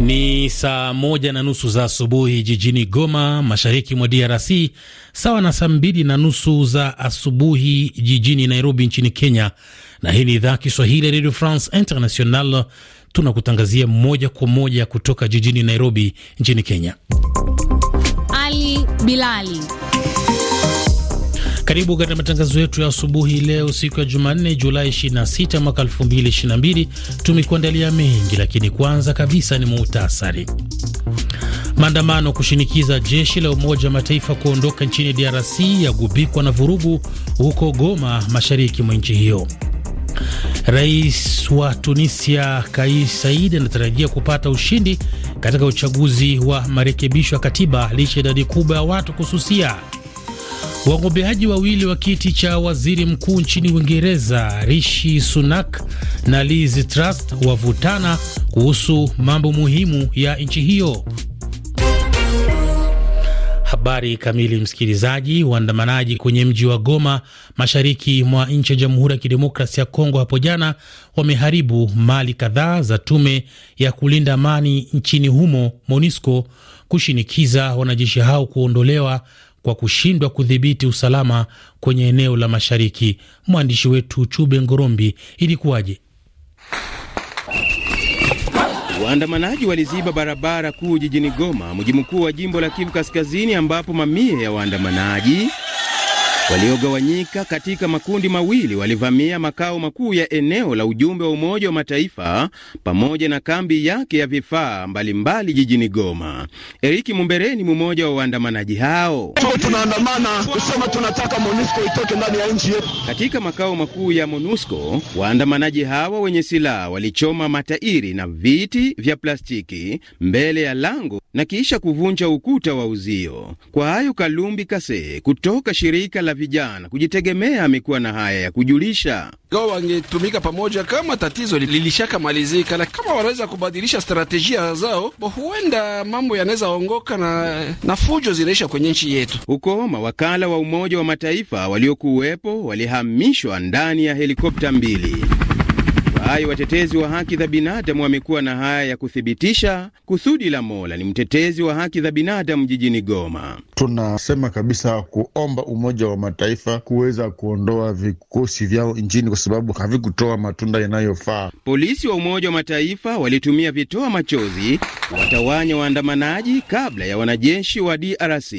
Ni saa moja na nusu za asubuhi jijini Goma, mashariki mwa DRC, sawa na saa mbili na nusu za asubuhi jijini Nairobi nchini Kenya. Na hii ni idhaa Kiswahili ya Radio France International, tunakutangazia moja kwa moja kutoka jijini Nairobi nchini Kenya. Ali Bilali karibu katika matangazo yetu ya asubuhi leo, siku ya Jumanne, Julai 26 mwaka 2022. Tumekuandalia mengi, lakini kwanza kabisa ni muhtasari. Maandamano kushinikiza jeshi la Umoja wa Mataifa kuondoka nchini DRC yagubikwa na vurugu huko Goma, mashariki mwa nchi hiyo. Rais wa Tunisia Kais Said anatarajia kupata ushindi katika uchaguzi wa marekebisho ya katiba licha idadi kubwa ya watu kususia Wagombeaji wawili wa kiti cha waziri mkuu nchini Uingereza, Rishi Sunak na Liz Truss wavutana kuhusu mambo muhimu ya nchi hiyo. Habari kamili, msikilizaji. Waandamanaji kwenye mji wa Goma, mashariki mwa nchi ya Jamhuri ya Kidemokrasia ya Kongo, hapo jana wameharibu mali kadhaa za tume ya kulinda amani nchini humo, MONUSCO, kushinikiza wanajeshi hao kuondolewa kwa kushindwa kudhibiti usalama kwenye eneo la mashariki. Mwandishi wetu Chube Ngorombi, ilikuwaje? Waandamanaji waliziba barabara kuu jijini Goma, mji mkuu wa jimbo la Kivu Kaskazini, ambapo mamia ya waandamanaji waliogawanyika katika makundi mawili walivamia makao makuu ya eneo la ujumbe wa Umoja wa Mataifa pamoja na kambi yake ya vifaa mbalimbali jijini Goma. Eriki Mumbereni, ni mmoja wa waandamanaji hao. Tunaandamana kusema tunataka MONUSCO itoke ndani ya nchi yetu. Katika makao makuu ya MONUSCO, waandamanaji hawa wenye silaha walichoma matairi na viti vya plastiki mbele ya lango na kisha kuvunja ukuta wa uzio. Kwa hayo Kalumbi Kase kutoka shirika la vijana kujitegemea amekuwa na haya ya kujulisha ingawa wangetumika pamoja kama tatizo lilishakamalizika, na kama wanaweza kubadilisha strategia zao, huenda mambo yanaweza ongoka na, na fujo zinaisha kwenye nchi yetu. Huko mawakala wa Umoja wa Mataifa waliokuwepo walihamishwa ndani ya helikopta mbili hayo watetezi wa haki za binadamu wamekuwa na haya ya kuthibitisha. Kusudi la Mola ni mtetezi wa haki za binadamu jijini Goma. Tunasema kabisa kuomba Umoja wa Mataifa kuweza kuondoa vikosi vyao nchini kwa sababu havikutoa matunda yanayofaa. Polisi wa Umoja wa Mataifa walitumia vitoa machozi watawanya waandamanaji kabla ya wanajeshi wa DRC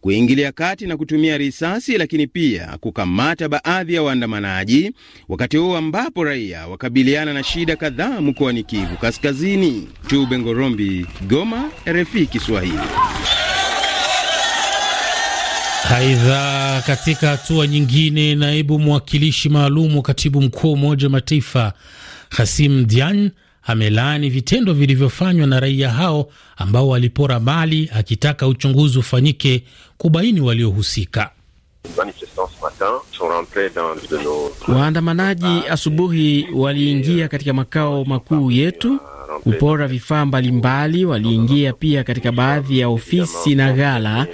kuingilia kati na kutumia risasi, lakini pia kukamata baadhi ya waandamanaji wakati huo ambapo raia wakab kukabiliana na shida kadhaa mkoani Kivu Kaskazini. Chube Ngorombi, Goma, RFI Kiswahili. Aidha, katika hatua nyingine, naibu mwakilishi maalum wa katibu mkuu wa Umoja wa Mataifa Hasim Dian amelaani vitendo vilivyofanywa na raia hao ambao walipora mali, akitaka uchunguzi ufanyike kubaini waliohusika. Waandamanaji asubuhi waliingia katika makao makuu yetu kupora vifaa mbalimbali, waliingia pia katika baadhi ya ofisi na ghala.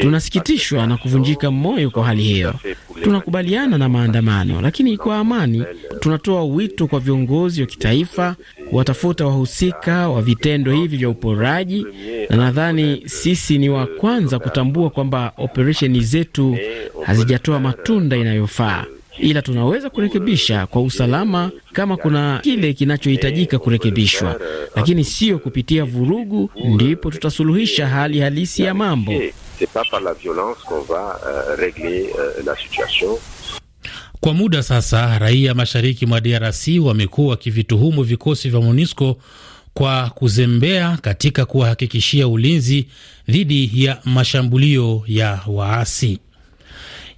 Tunasikitishwa na kuvunjika moyo kwa hali hiyo. Tunakubaliana na maandamano, lakini kwa amani. Tunatoa wito kwa viongozi wa kitaifa kuwatafuta wahusika wa vitendo hivi vya uporaji, na nadhani sisi ni wa kwanza kutambua kwamba operesheni zetu hazijatoa matunda inayofaa ila tunaweza kurekebisha kwa usalama kama kuna kile kinachohitajika kurekebishwa, lakini sio kupitia vurugu. Ndipo tutasuluhisha hali halisi ya mambo c'est pas par la violence qu'on va euh, régler euh, la situation. Kwa muda sasa, raia mashariki mwa DRC wamekuwa wakivituhumu vikosi vya MONUSCO kwa kuzembea katika kuwahakikishia ulinzi dhidi ya mashambulio ya waasi.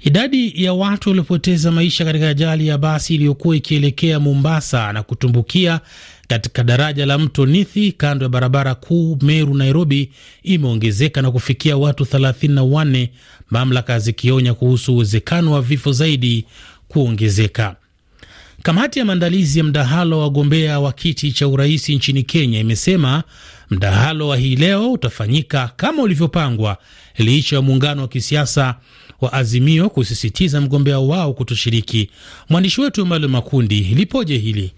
Idadi ya watu waliopoteza maisha katika ajali ya basi iliyokuwa ikielekea Mombasa na kutumbukia katika daraja la mto Nithi kando ya barabara kuu Meru Nairobi imeongezeka na kufikia watu 34, mamlaka zikionya kuhusu uwezekano wa vifo zaidi kuongezeka. Kamati ya maandalizi ya mdahalo wa wagombea wa kiti cha urais nchini Kenya imesema mdahalo wa hii leo utafanyika kama ulivyopangwa licha ya muungano wa kisiasa wa Azimio kusisitiza mgombea wao kutoshiriki. Mwandishi wetu Emmanuel Makundi, lipoje hili?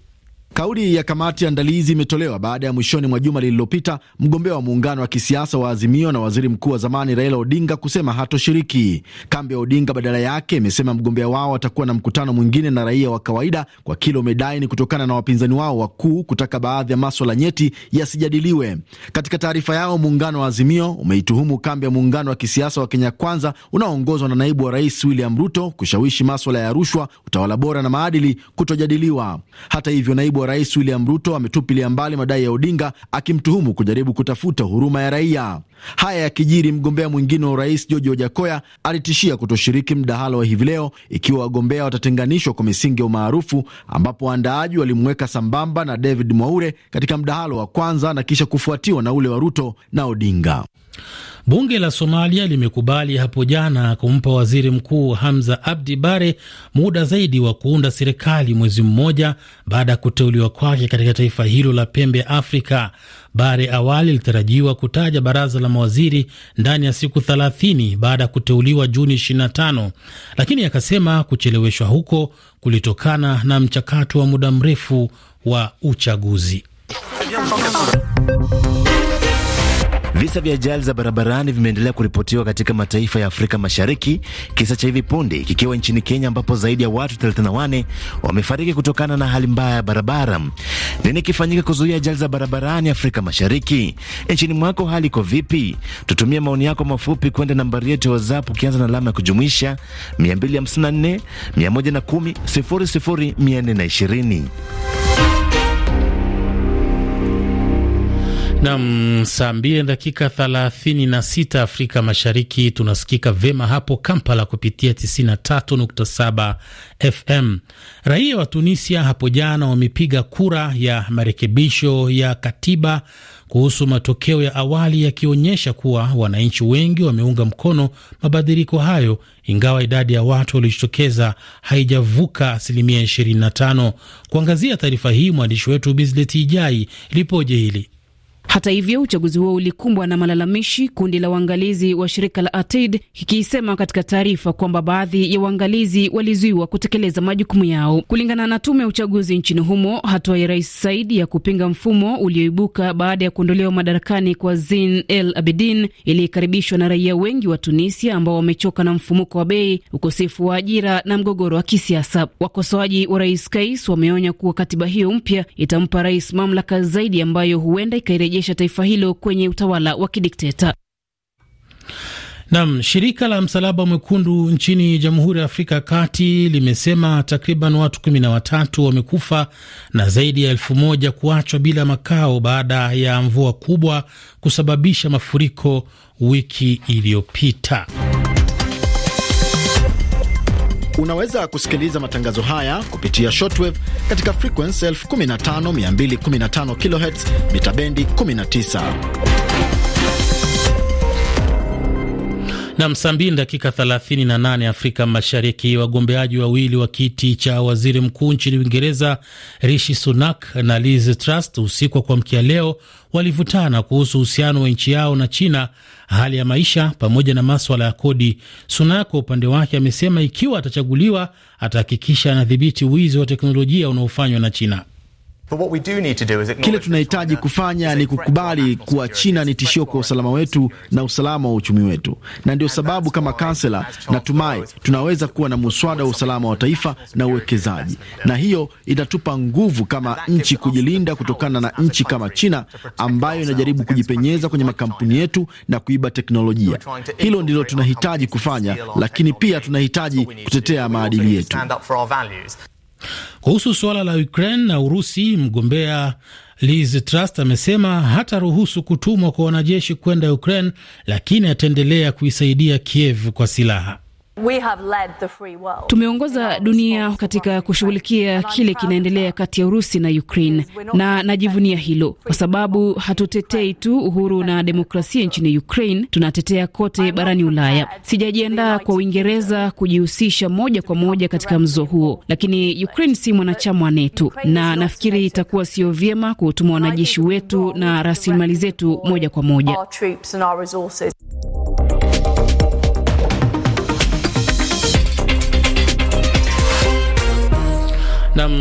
Kauli ya kamati ya andalizi imetolewa baada ya mwishoni mwa juma lililopita mgombea wa muungano wa kisiasa wa Azimio na waziri mkuu wa zamani Raila Odinga kusema hatoshiriki. Kambi ya Odinga badala yake imesema mgombea wao atakuwa na mkutano mwingine na raia wa kawaida, kwa kile umedai ni kutokana na wapinzani wao wakuu kutaka baadhi ya maswala nyeti yasijadiliwe. Katika taarifa yao, muungano wa Azimio umeituhumu kambi ya muungano wa kisiasa wa Kenya Kwanza unaoongozwa na naibu wa rais William Ruto kushawishi maswala ya rushwa, utawala bora na maadili kutojadiliwa. Hata hivyo naibu Rais William Ruto ametupilia mbali madai ya Odinga akimtuhumu kujaribu kutafuta huruma ya raia. Haya yakijiri, mgombea mwingine wa urais George Ojakoya alitishia kutoshiriki mdahalo wa hivi leo ikiwa wagombea watatenganishwa kwa misingi ya umaarufu, ambapo waandaaji walimweka sambamba na David Mwaure katika mdahalo wa kwanza na kisha kufuatiwa na ule wa Ruto na Odinga. Bunge la Somalia limekubali hapo jana kumpa waziri mkuu Hamza Abdi Bare muda zaidi wa kuunda serikali mwezi mmoja baada ya kuteuliwa kwake katika taifa hilo la pembe ya Afrika. Bare awali ilitarajiwa kutaja baraza la mawaziri ndani ya siku 30 baada ya kuteuliwa Juni 25, lakini akasema kucheleweshwa huko kulitokana na mchakato wa muda mrefu wa uchaguzi. Visa vya ajali za barabarani vimeendelea kuripotiwa katika mataifa ya Afrika Mashariki, kisa cha hivi punde kikiwa nchini Kenya ambapo zaidi ya watu 38 wamefariki kutokana na hali mbaya ya barabara. Nini kifanyika kuzuia ajali za barabarani Afrika Mashariki? Nchini mwako hali iko vipi? Tutumie maoni yako mafupi kwenda nambari yetu ya WhatsApp ukianza na alama ya kujumuisha 254 110 00420. Nam, saa mbili dakika thelathini na sita Afrika Mashariki. Tunasikika vema hapo Kampala kupitia 93.7 FM. Raia wa Tunisia hapo jana wamepiga kura ya marekebisho ya katiba kuhusu matokeo ya awali yakionyesha kuwa wananchi wengi wameunga mkono mabadiliko hayo, ingawa idadi ya watu waliojitokeza haijavuka asilimia 25. Kuangazia taarifa hii, mwandishi wetu Bizleti Ijai lipoje hili hata hivyo uchaguzi huo ulikumbwa na malalamishi, kundi la waangalizi wa shirika la ATID ikiisema katika taarifa kwamba baadhi ya waangalizi walizuiwa kutekeleza majukumu yao. Kulingana na tume ya uchaguzi nchini humo, hatua ya Rais Said ya kupinga mfumo ulioibuka baada ya kuondolewa madarakani kwa Zin El Abidin ilikaribishwa na raia wengi wa Tunisia ambao wamechoka na mfumuko wa bei, ukosefu wa ajira na mgogoro wa kisiasa. Wakosoaji wa Rais Kais wameonya kuwa katiba hiyo mpya itampa rais mamlaka zaidi ambayo huenda ikarejea kurejesha taifa hilo kwenye utawala wa kidikteta. Nam, shirika la Msalaba Mwekundu nchini Jamhuri ya Afrika ya Kati limesema takriban watu kumi na watatu wamekufa na zaidi ya elfu moja kuachwa bila makao baada ya mvua kubwa kusababisha mafuriko wiki iliyopita. Unaweza kusikiliza matangazo haya kupitia shortwave katika frequency 15215 kHz mitabendi 19. Nam, saa mbili dakika 38 Afrika Mashariki. Wagombeaji wawili wa kiti cha waziri mkuu nchini Uingereza, Rishi Sunak na Liz Truss, usiku wa kuamkia leo walivutana kuhusu uhusiano wa nchi yao na China, hali ya maisha pamoja na maswala ya kodi. Sunak kwa upande wake amesema ikiwa atachaguliwa atahakikisha anadhibiti wizi wa teknolojia unaofanywa na China. Kile tunahitaji kufanya ni kukubali kuwa China ni tishio kwa usalama wetu na usalama wa uchumi wetu, na ndio sababu kama kansela, natumai tunaweza kuwa na muswada wa usalama wa taifa na uwekezaji, na hiyo itatupa nguvu kama nchi kujilinda kutokana na nchi kama China ambayo inajaribu kujipenyeza kwenye makampuni yetu na kuiba teknolojia. Hilo ndilo tunahitaji kufanya, lakini pia tunahitaji kutetea maadili yetu. Kuhusu suala la Ukraine na Urusi, mgombea Liz Truss amesema hataruhusu kutumwa kwa wanajeshi kwenda Ukraine, lakini ataendelea kuisaidia Kiev kwa silaha. We have led the free world. Tumeongoza dunia katika kushughulikia kile kinaendelea kati ya Urusi na Ukraine, na najivunia hilo kwa sababu hatutetei tu uhuru na demokrasia nchini Ukraine, tunatetea kote barani Ulaya. Sijajiandaa kwa Uingereza kujihusisha moja kwa moja katika mzozo huo, lakini Ukraine si mwanachama wa NATO, na nafikiri itakuwa sio vyema kuutuma wanajeshi wetu na rasilimali zetu moja kwa moja.